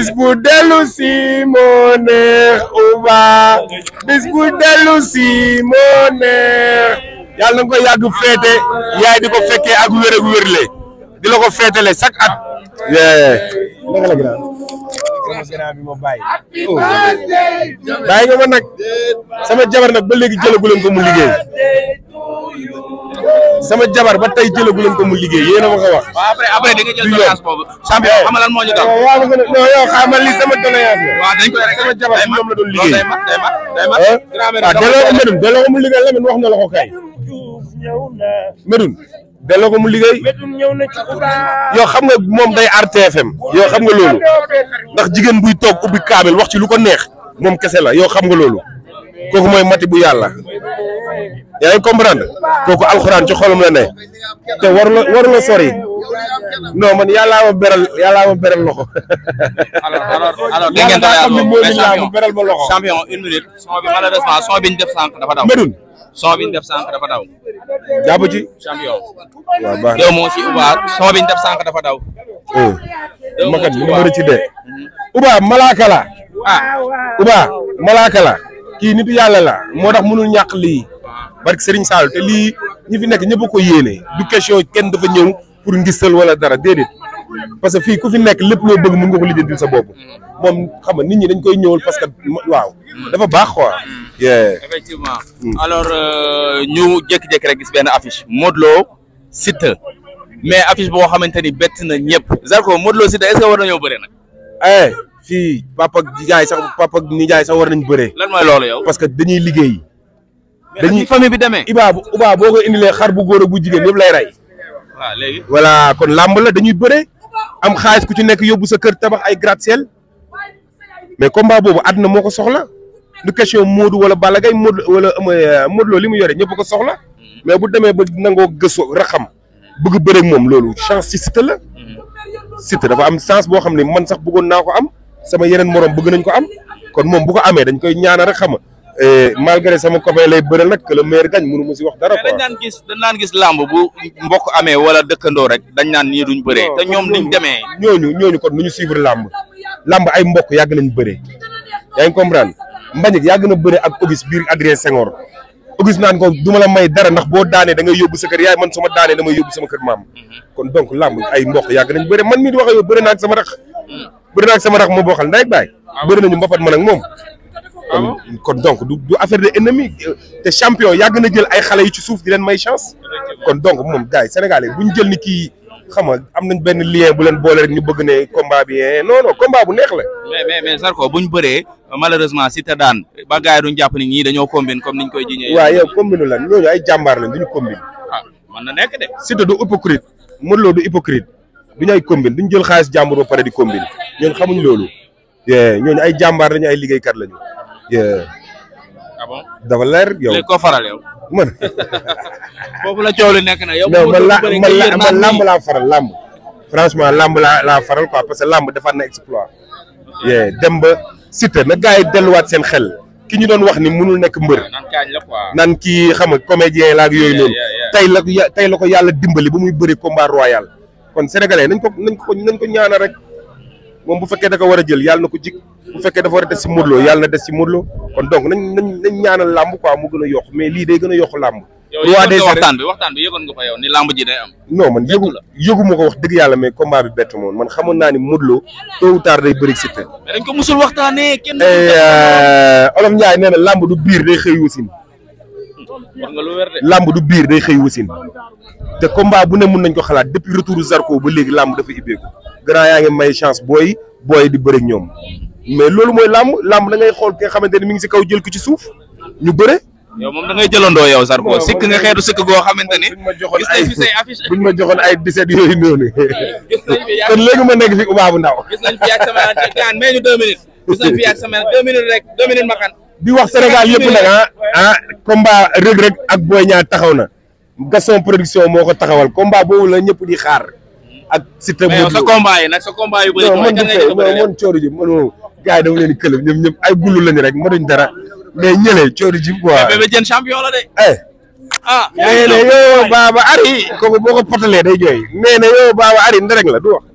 bis bu dellu si moo neex Uba bis bu dellu si moo neex yàlla na nga ko yàgg yaay di ko fekkee ak wér ak wérle di la ko féetale chaque at bàyyi nga ma nag sama jabar nag ba léegi jëlaguleen ko mu liggéey sama jabar ba tey jëlagu leen ko mu liggéey yéen a ma ko wax. waaw après après di nga jël doléance moo ñu dal. waaw waaw non yow xaaral lii sama doléance la. waaw dañ koy rek sama jabar moom la doon liggéey. day mat day mat day ah, ko Medoune delloo ko mu liggéey Lamine xam nga moom day RTFM. yow xam nga loolu ndax jigéen buy toog ubbi kaamil wax ci lu ko neex moom kese la yow xam nga loolu kooku mooy mati bu yàlla yaa ngi comprendre kooku alxuraan ci xolam la ne te waru la sori non man yàllaa ma beral yàllaa ma beral loxo. alors alors alors dégg ngeen dara beral ma loxo. champion une minute def sànq dafa daw. Medoune son bi ñu dafa daw. jàpp ci. champion. waaw baax na yow Uba son dafa daw. Eh, yow moo si Uba mhm. ma kat la. ah la. kii nitu yàlla moo tax mënul ñàkk lii. barke Serigne Sall te lii ñi fi nekk ñëpp ko yéene du question kenn dafa ñëw pour ngistal wala dara déedéet parce que fii ku fi nekk lépp loo bëgg mën nga ko lijjantil sa bopp moom xam nga nit ñi dañ koy ñëwul parce que waaw dafa baax quoi. Mm. effectivement mm. alors euh, ñu jékki-jékki rek gis benn affiche Modou Lo Siteu mais affiche boo xamante ni bett na ñëpp Zarko Modou Lo Siteu est ce war nañoo bëre nag. eh fii papa ak sax papa ak nijaay sax war lan mooy loolu yow. parce que dañuy liggéey. dañuy famille bi demee Iba Iba boo ko indilee xar bu góor ak bu jigéen yëpp lay rey. waaw kon làmb la dañuy bëre am xaalis ku ci nekk yóbbu sa kër tabax ay gratte-ciel mais combat boobu àdduna moo ko soxla du question Modou wala Balla Gaye Modou wala euh, Modou Lo li mu yore ñëpp ko soxla mm-hmm. mais bu demee ba nangoo gëstu raxam bëgg bëre ak moom loolu chance ci Siteu la. Mm-hmm. Siteu dafa am chance boo xam ne man sax bëggoon naa ko am sama yeneen morom bëgg nañ ko am kon moom bu ko amee dañ koy ñaanal rek xam nga et eh, malgré sama copain lay bëre nag que le meilleur mënu ma si wax dara quoi. dañ naan gis dañ naan gis làmb bu mbokk amee wala dëkkandoo rek dañ naan nii duñ bëree. te ñoom niñ demee. ñooñu ñooñu kon nu ñu suivre làmb làmb ay mbokk yàgg nañ bëree yaa ngi comprendre Mbagnick yàgg na bëre ak Auguste biir Adrien Senghor Auguste naan ko du ma la may dara ndax boo daanee da ngay yóbbu sa kër yaay man sama daanee damay yóbbu sama kër maam mhm. kon donc làmb ay mbokk yàgg nañ bëre man mii di wax ak yow naa sama rax bëre naa ak sama rax moo mm. bokkal ndey ak baay ah nañu mbapat man ak moom Ah kon donc du du affaire de ennemi euh, te champion yàgg na jël ay xale yu ci suuf di leen may chance. kon donc moom gars yi sénégalais bu ñu jël ni kii xam nga am nañ benn lien bu leen boole rek ñu bëgg ne combat bi eh, non non combat bu neex la. mais mais bu ñu bëree malheureusement si te daan ba gars yi duñ jàpp ni ñii dañoo combine comme niñ koy jiñee. waaw yow combine lan ñooñu ay jàmbaar lañ duñu combine. ah mën na nekk de. Siteu du hypocrite Modou Lo du hypocrite duñu ay combine jël xaalis jàmbur ba pare di combine ñooñu xamuñ eh, ñooñu ay jàmbaar lañu ay liggéeykat lañu ah bon dafa leer yow léegi koo faral yow. man foofu nekk na yow. man man làmb laa faral làmb. franchement lamb laa laa faral quoi parce que làmb defaat na exploit. dem ba Siteu na gars delluwaat seen xel ki ñu doon wax ni mënul nekk mbër. nan kaañ la comédien la ak yooyu noonu. tey la ko yàlla dimbali ba muy bëri combat royal. kon sénégalais nañ ko nañ ko nañ rek. moom bu fekkee da war a jël yàlla na ko jik bu fekkee dafa war a des ci Modou Lo yàlla na des ci Modou Lo kon donc nañ nañ ñaanal làmb quoi mu gën a yokk mais lii day gën a yokk làmb. roi des waxtaan bi waxtaan bi yëgoon nga ko yow ni làmb ji day am. non ko wax dëgg yàlla mais combat bi bett moom man xamoon naa ni Modou Lo tôt ou tard day bëri Siteu. mais dañ ko musul waxtaanee kenn. Eh, euh, Olof Ndiaye nee na làmb du biir day xëy wasin. wax nga lu wér de. làmb du biir day xëy wasin te combat bu ne mun nañ ko xalaat depuis retour Zarko ba léegi làmb dafa ibbeeku grand yaa ngi may chance booy booy di bëri ñoom mais loolu mooy làmb làmb da ngay xool ki nga xamante ni mi ngi si kaw jël ko ci suuf ñu bëre. yow moom da ngay jëlandoo yow Zarko sikk nga xeetu sikk goo xamante ni. buñ ma joxoon ay buñ ma joxoon ay 17 yooyu noonu. nekk fi Oumar bu ndaw. gis nañ fi ak sama gaan mais ñu wax Sénégal yëpp nag ah ah combat Reug Reug ak Boy ñaar taxaw na Gaston production moo ko taxawal combat boobu la ñëpp di xaar. ak Siteu mais sa combat yi nag sa combat yu bëri man man coori ji man moom gars leen di këlëb ñoom ñoom ay gullu lañu rek mënuñ dara mais ñële coori ji quoi mais Bébé Diène champion la de eh. ah nee na yow baaba ari kooku boo ko potalee day jooy nee na yow baaba ari nderek la du wax